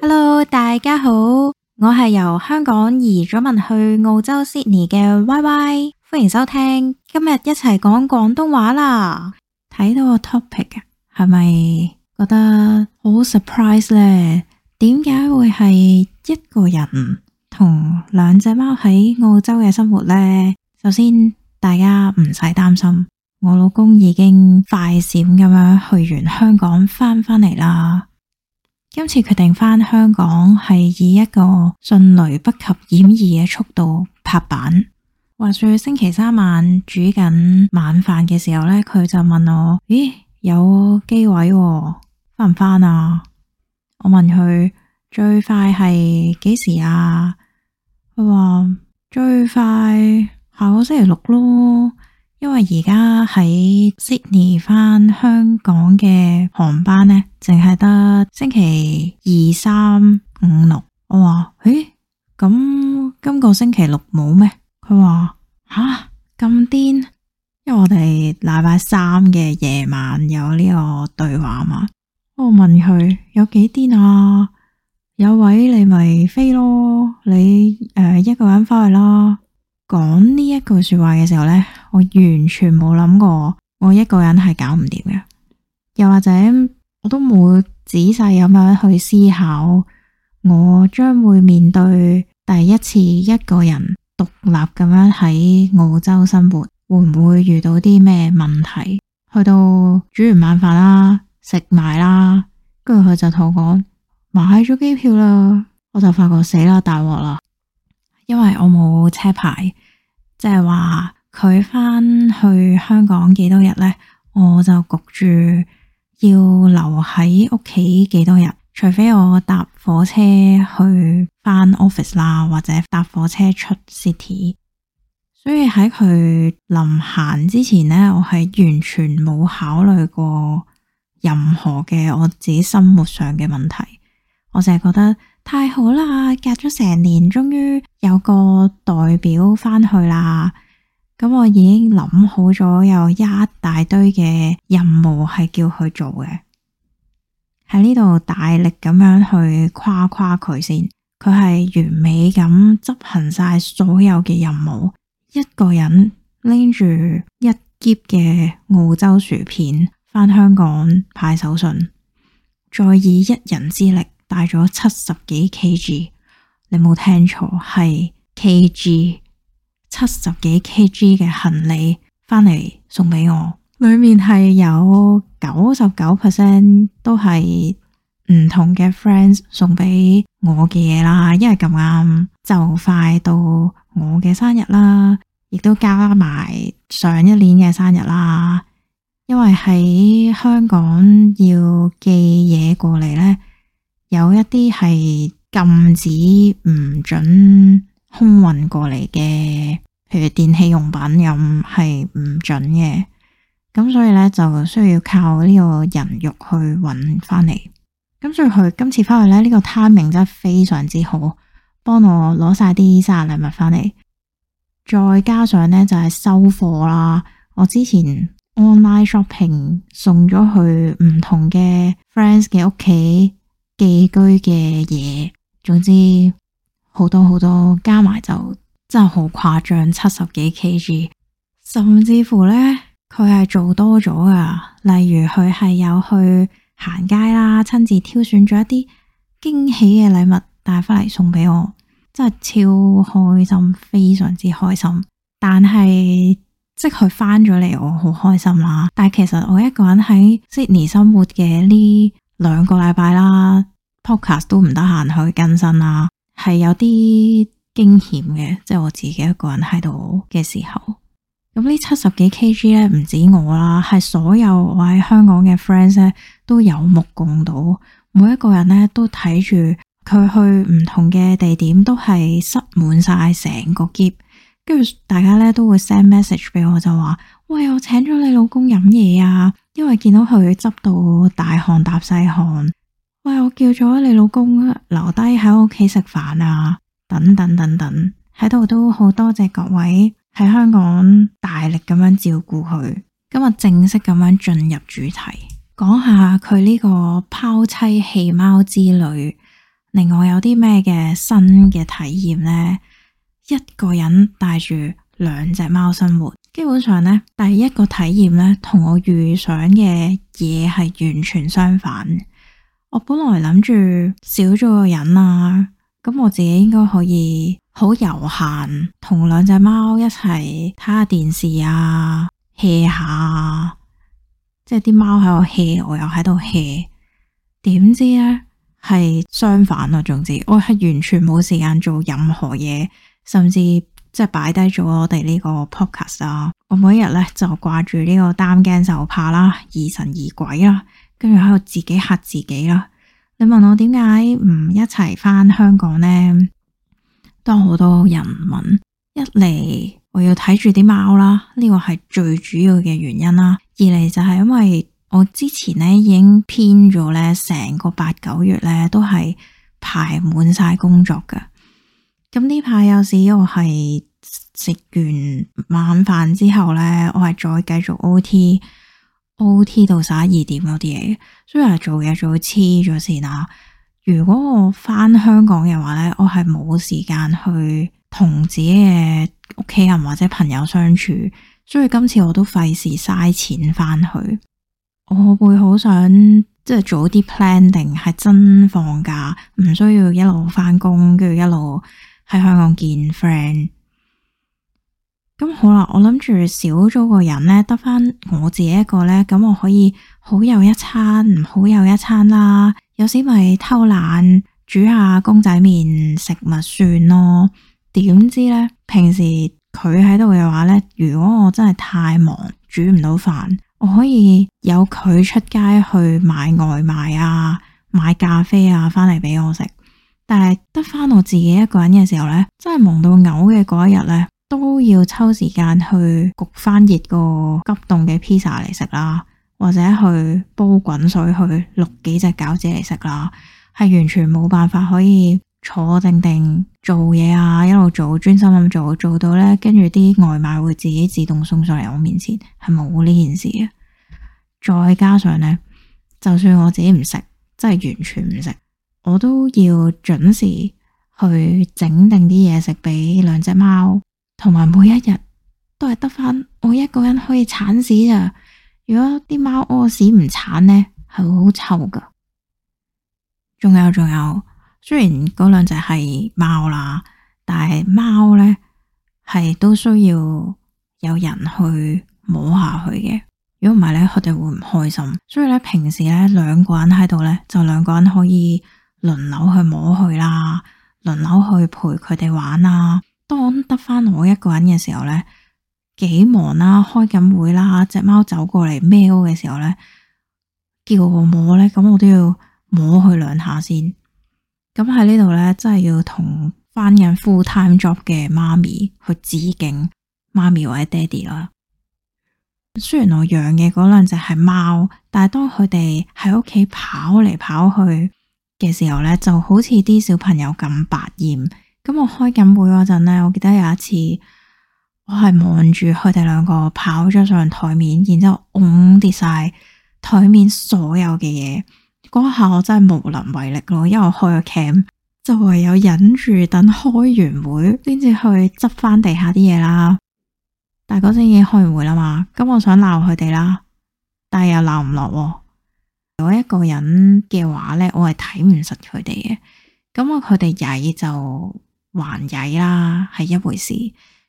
Hello，大家好，我係由香港移咗民去澳洲 Sydney 嘅 Y Y，歡迎收聽，今日一齊講廣東話啦。睇到個 topic 啊，係咪覺得好 surprise 呢？點解會係一個人同兩隻貓喺澳洲嘅生活呢？首先，大家唔使擔心。我老公已經快閃咁樣去完香港返返嚟啦。今次決定返香港係以一個迅雷不及掩耳嘅速度拍板。話說星期三晚煮緊晚飯嘅時候呢，佢就問我：咦，有機位喎，返唔返啊？我問佢最快係幾時啊？佢話最快下個星期六咯。因為而家喺悉尼返香港嘅航班呢，淨係得星期二、三、五、六。我話：誒，咁今個星期六冇咩？佢話：吓，咁癲？因為我哋禮拜三嘅夜晚有呢個對話嘛。我問佢：有幾癲啊？有位你咪飛咯，你誒、呃、一個人翻去啦。講呢一句說話嘅時候呢，我完全冇諗過我一個人係搞唔掂嘅，又或者我都冇仔細咁樣去思考，我將會面對第一次一個人獨立咁樣喺澳洲生活，會唔會遇到啲咩問題？去到煮完晚飯啦，食埋啦，跟住佢就同我講買咗機票啦，我就發覺死啦，大鑊啦，因為我冇車牌。即係話佢返去香港幾多日呢？我就焗住要留喺屋企幾多日，除非我搭火車去返 office 啦，或者搭火車出 city。所以喺佢臨行之前呢，我係完全冇考慮過任何嘅我自己生活上嘅問題，我淨係覺得。太好啦！隔咗成年，終於有個代表返去啦。咁我已經諗好咗，有一大堆嘅任務係叫佢做嘅。喺呢度大力咁樣去誇誇佢先，佢係完美咁執行晒所有嘅任務。一個人拎住一篋嘅澳洲薯片返香港派手信，再以一人之力。帶咗七十幾 kg，你冇聽錯，係 kg 七十幾 kg 嘅行李翻嚟送俾我。裏面係有九十九 percent 都係唔同嘅 friends 送俾我嘅嘢啦。因為咁啱就快到我嘅生日啦，亦都加埋上，上一年嘅生日啦。因為喺香港要寄嘢過嚟呢。有一啲係禁止唔准空運過嚟嘅，譬如電器用品又係唔准嘅。咁所以咧就需要靠呢個人肉去運翻嚟。咁所以佢今次翻去咧，呢個 timing 真係非常之好，幫我攞晒啲生日禮物翻嚟。再加上咧就係收貨啦，我之前 online shopping 送咗去唔同嘅 friends 嘅屋企。寄居嘅嘢，總之好多好多加埋就真係好誇張，七十幾 kg，甚至乎呢，佢係做多咗㗎，例如佢係有去行街啦，親自挑選咗一啲驚喜嘅禮物帶翻嚟送俾我，真係超開心，非常之開心。但係即係佢翻咗嚟，我好開心啦。但係其實我一個人喺悉尼生活嘅呢兩個禮拜啦。Podcast 都唔得閒去更新啦，係有啲驚險嘅，即係我自己一個人喺度嘅時候。咁呢七十幾 kg 咧，唔止我啦，係所有我喺香港嘅 friends 咧都有目共睹，每一個人咧都睇住佢去唔同嘅地點，都係塞滿晒成個篋。跟住大家咧都會 send message 俾我就話：喂，我請咗你老公飲嘢啊！因為見到佢執到大汗搭細汗。喂，我叫咗你老公留低喺屋企食飯啊，等等等等。喺度都好多謝各位喺香港大力咁樣照顧佢。今日正式咁樣進入主題，講下佢呢個拋妻棄貓之旅，令我有啲咩嘅新嘅體驗呢？一個人帶住兩隻貓生活，基本上呢，第一個體驗呢，同我預想嘅嘢係完全相反。我本來諗住少咗個人啊，咁我自己應該可以好悠閒，同兩隻貓一齊睇下電視啊，歇下，即係啲貓喺度歇，我又喺度歇。e 點知呢，係相反啦，啊，總之我係完全冇時間做任何嘢，甚至即係擺低咗我哋呢個 podcast 啊，我每一日呢，就掛住呢個擔驚受怕啦，疑神疑鬼啦。跟住喺度自己吓自己啦！你問我點解唔一齊翻香港呢？都好多人問，一嚟我要睇住啲貓啦，呢個係最主要嘅原因啦。二嚟就係因為我之前呢已經編咗呢成個八九月呢都係排滿晒工作噶。咁呢排有時我係食完晚飯之後呢，我係再繼續 OT。O. T. 到十一二點嗰啲嘢，所以係做嘢做黐咗線啦。如果我翻香港嘅話呢，我係冇時間去同自己嘅屋企人或者朋友相處，所以今次我都費事嘥錢翻去。我會好想即係早啲 plan 定係真放假，唔需要一路翻工，跟住一路喺香港見 friend。咁、嗯、好啦，我諗住少咗個人咧，得翻我自己一個咧，咁我可以好有一餐，唔好有一餐啦。有時咪偷懶煮下公仔麵食物算咯。點知咧，平時佢喺度嘅話咧，如果我真係太忙煮唔到飯，我可以有佢出街去買外賣啊，買咖啡啊，翻嚟俾我食。但係得翻我自己一個人嘅時候咧，真係忙到嘔嘅嗰一日咧，都要抽時間去焗翻熱個急凍嘅披薩嚟食啦，或者去煲滾水去淥幾隻餃子嚟食啦。係完全冇辦法可以坐定定做嘢啊，一路做專心咁做，做到呢，跟住啲外賣會自己自動送上嚟我面前，係冇呢件事嘅。再加上呢，就算我自己唔食，真係完全唔食，我都要準時去整定啲嘢食俾兩隻貓。同埋每一日都係得翻我一個人可以鏟屎啊！如果啲貓屙屎唔鏟呢，係好臭噶。仲有仲有，雖然嗰兩隻係貓啦，但係貓呢，係都需要有人去摸下佢嘅。如果唔係呢，佢哋會唔開心。所以咧，平時咧兩個人喺度呢，就兩個人可以輪流去摸佢啦，輪流去陪佢哋玩啦啊。啊當得翻我一個人嘅時候呢，幾忙啦、啊，開緊會啦、啊，隻貓走過嚟喵嘅時候呢，叫我摸呢，咁我都要摸佢兩下先。咁喺呢度呢，真係要同返緊 full time job 嘅媽咪去致敬，媽咪或者爹哋啦。雖然我養嘅嗰兩隻係貓，但係當佢哋喺屋企跑嚟跑去嘅時候呢，就好似啲小朋友咁百厭。咁我開緊會嗰陣咧，我記得有一次我係望住佢哋兩個跑咗上台面，然之後嗡跌晒台面所有嘅嘢。嗰下我真係無能為力咯，因為我開咗 cam，就唯有忍住等開完會先至去執翻地下啲嘢啦。但係嗰陣已經開完會啦嘛，咁我想鬧佢哋啦，但係又鬧唔落。如果一個人嘅話咧，我係睇唔實佢哋嘅。咁我佢哋曳就。玩曳啦係一回事，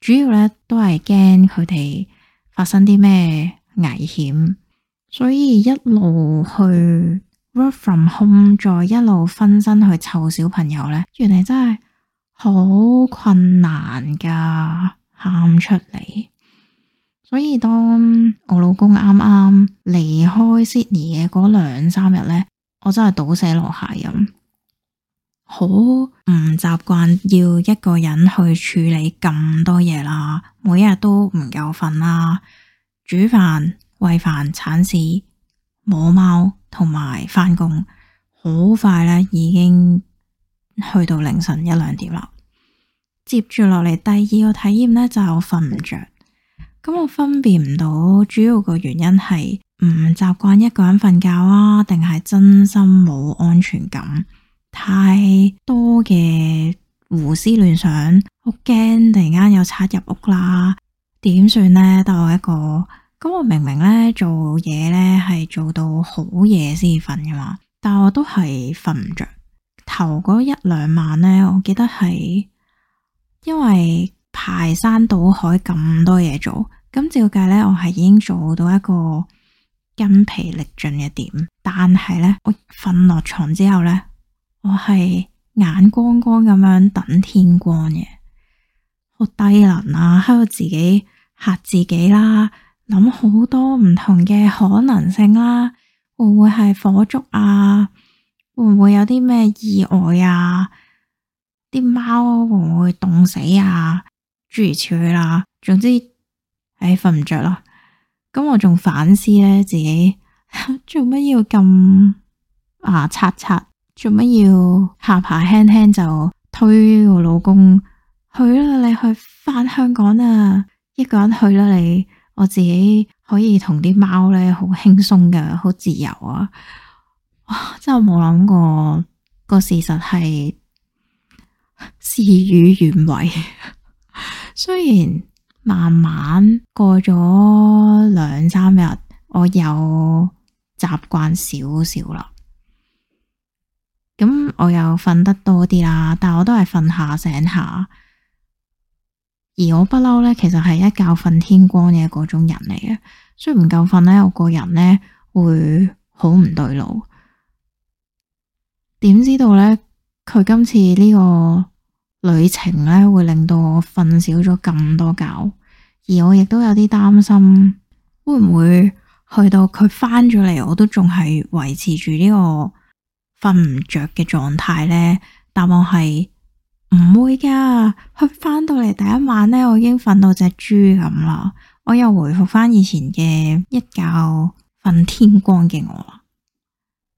主要咧都係驚佢哋發生啲咩危險，所以一路去 work from home，再一路分身去湊小朋友咧，原嚟真係好困難噶，喊出嚟。所以當我老公啱啱離開 Sydney 嘅嗰兩三日咧，我真係倒瀉籮蟹咁。好唔習慣要一個人去處理咁多嘢啦，每日都唔夠瞓啦，煮飯、餵飯、鏟屎、摸貓，同埋翻工，好快咧已經去到凌晨一兩點啦。接住落嚟第二個體驗咧就係我瞓唔着，咁我分辨唔到主要個原因係唔習慣一個人瞓覺啊，定係真心冇安全感。太多嘅胡思亂想，好驚突然間有賊入屋啦，點算呢？得我一個咁，我明明呢做嘢呢係做到好夜先瞓噶嘛，但我都係瞓唔着。頭嗰一兩晚呢，我記得係因為排山倒海咁多嘢做，咁照計呢，我係已經做到一個筋疲力盡嘅點，但係呢，我瞓落床之後呢。我係眼光光咁樣等天光嘅，好低能啊！喺度自己嚇自己啦、啊，諗好多唔同嘅可能性啦，會唔會係火燭啊，會唔會、啊、會、會有啲咩意外啊？啲貓會唔會凍死啊？諸如此類啦。總之，唉、哎，瞓唔着咯。咁我仲反思咧，自己做乜 要咁啊？擦擦。做乜要下爬輕輕就推我老公去啦？你去翻香港啦、啊，一個人去啦。你我自己可以同啲貓咧，好輕鬆嘅，好自由啊！哇，真係冇諗過個事實係事與願違。 雖然慢慢過咗兩三日，我有習慣少少啦。咁我又瞓得多啲啦，但我都係瞓下醒下，而我不嬲咧，其實係一覺瞓天光嘅，嗰種人嚟嘅，所以唔夠瞓咧，我個人咧會好唔對路。點知道咧，佢今次呢個旅程咧會令到我瞓少咗咁多覺，而我亦都有啲擔心，會唔會去到佢翻咗嚟，我都仲係維持住呢個。瞓唔着嘅狀態呢，答案我係唔會噶。佢翻到嚟，第一晚呢，我已經瞓到隻豬咁啦。我又回復翻以前嘅一覺瞓天光嘅我。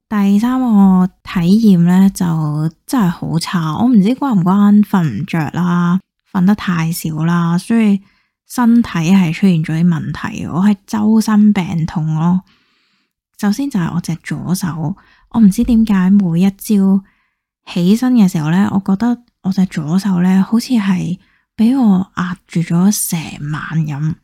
第三個體驗呢，就真係好差，我唔知關唔關瞓唔着啦，瞓得太少啦，所以身體係出現咗啲問題。我係周身病痛咯。首先就係我隻左手。我唔知點解每一朝起身嘅時候咧，我覺得我隻左手咧，好似係俾我壓住咗成晚咁。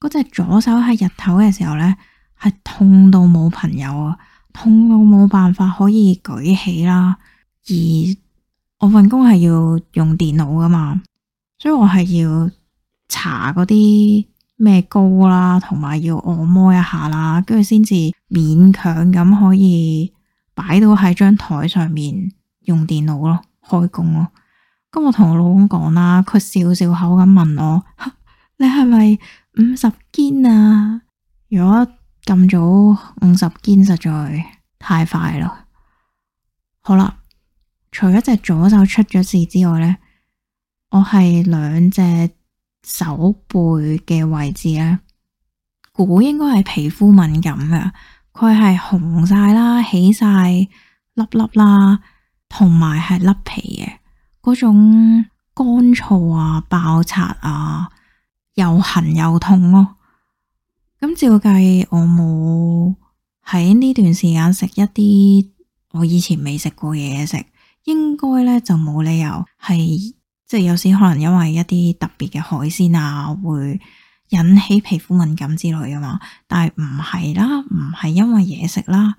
嗰隻左手喺日頭嘅時候咧，係痛到冇朋友，啊，痛到冇辦法可以舉起啦。而我份工係要用電腦噶嘛，所以我係要搽嗰啲咩膏啦，同埋要按摩一下啦，跟住先至勉強咁可以。擺到喺張台上面用電腦咯，開工咯。咁我同我老公講啦，佢笑笑口咁問我：你係咪五十肩啊？如果咁早五十肩實在太快啦。好啦，除咗隻左手出咗事之外咧，我係兩隻手背嘅位置咧，估應該係皮膚敏感嘅。佢係紅晒啦，起晒粒粒啦，同埋係甩皮嘅嗰種乾燥啊，爆擦啊，又痕又痛咯。咁照計，我冇喺呢段時間食一啲我以前未食過嘅嘢食，應該咧就冇理由係即係有時可能因為一啲特別嘅海鮮啊會。引起皮膚敏感之類嘅嘛，但係唔係啦，唔係因為嘢食啦，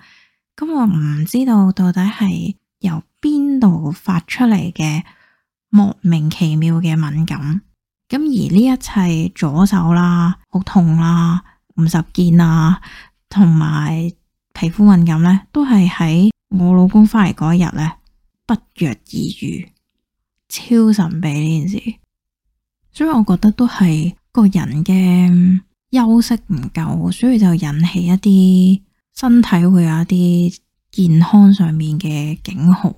咁我唔知道到底係由邊度發出嚟嘅莫名其妙嘅敏感，咁而呢一切左手啦、好痛啦、五十肩啊，同埋皮膚敏感咧，都係喺我老公翻嚟嗰一日咧，不約而遇，超神秘呢件事，所以我覺得都係。個人嘅休息唔夠，所以就引起一啲身體會有一啲健康上面嘅警號。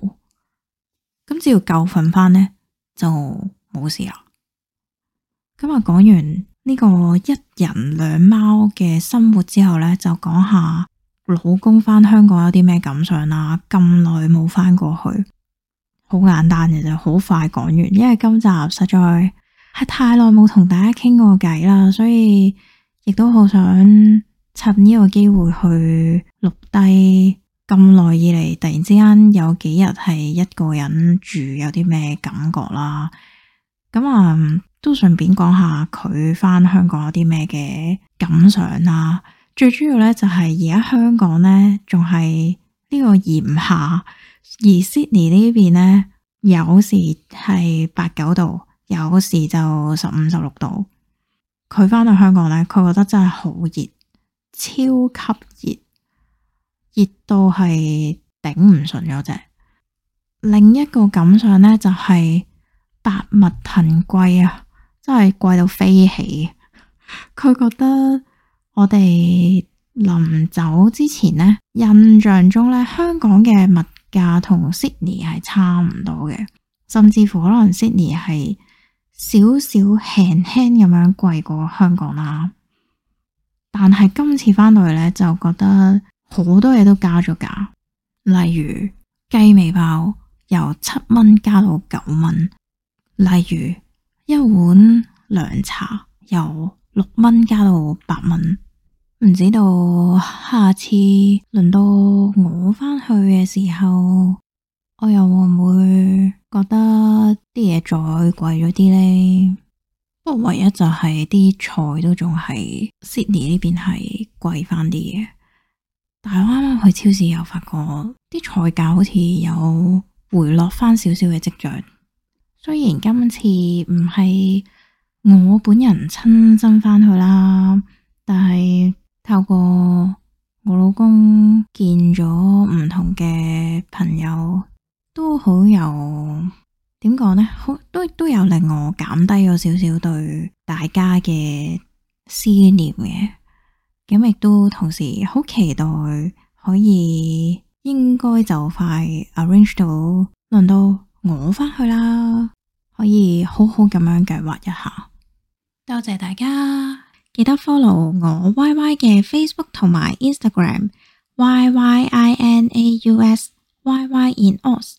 咁只要夠瞓翻呢，就冇事啦。咁啊，講完呢個一人兩貓嘅生活之後呢，就講下老公翻香港有啲咩感想啦。咁耐冇翻過去，好簡單嘅，就好快講完。因為今集實在。太耐冇同大家傾過偈啦，所以亦都好想趁呢個機會去錄低咁耐以嚟，突然之間有幾日係一個人住，有啲咩感覺啦？咁、嗯、啊，都順便講下佢返香港有啲咩嘅感想啦。最主要呢，就係而家香港呢仲係呢個炎夏，而 Sydney 呢邊呢，有時係八九度。有時就十五、十六度。佢返到香港呢，佢覺得真係好熱，超級熱，熱到係頂唔順咗。啫，另一個感想呢，就係百物騰貴啊，真係貴到飛起。佢覺得我哋臨走之前呢，印象中呢，香港嘅物價同 Sydney 係差唔多嘅，甚至乎可能 Sydney 係。少少輕輕咁樣貴過香港啦，但係今次返到嚟，呢就覺得好多嘢,都加咗價，例如雞尾包由七蚊加到九蚊，例如一碗涼茶由六蚊加到八蚊，唔知道下次輪到我返去嘅時候。我又會唔會覺得啲嘢再貴咗啲呢？不過唯一就係啲菜都仲係 Sydney 呢邊係貴翻啲嘅。但係我啱啱去超市又發覺啲菜價好似有回落翻少少嘅跡象。雖然今次唔係我本人親身翻去啦，但係透過我老公見咗唔同嘅朋友。都好有點講呢，好都都有令我減低咗少少對大家嘅思念嘅，咁亦都同時好期待可以應該就快 arrange 到輪到我翻去啦，可以好好咁樣計劃一下。多謝大家，記得 follow 我 YY agram, Y Y 嘅 Facebook 同埋 Instagram Y Y I N A U S Y Y In Aus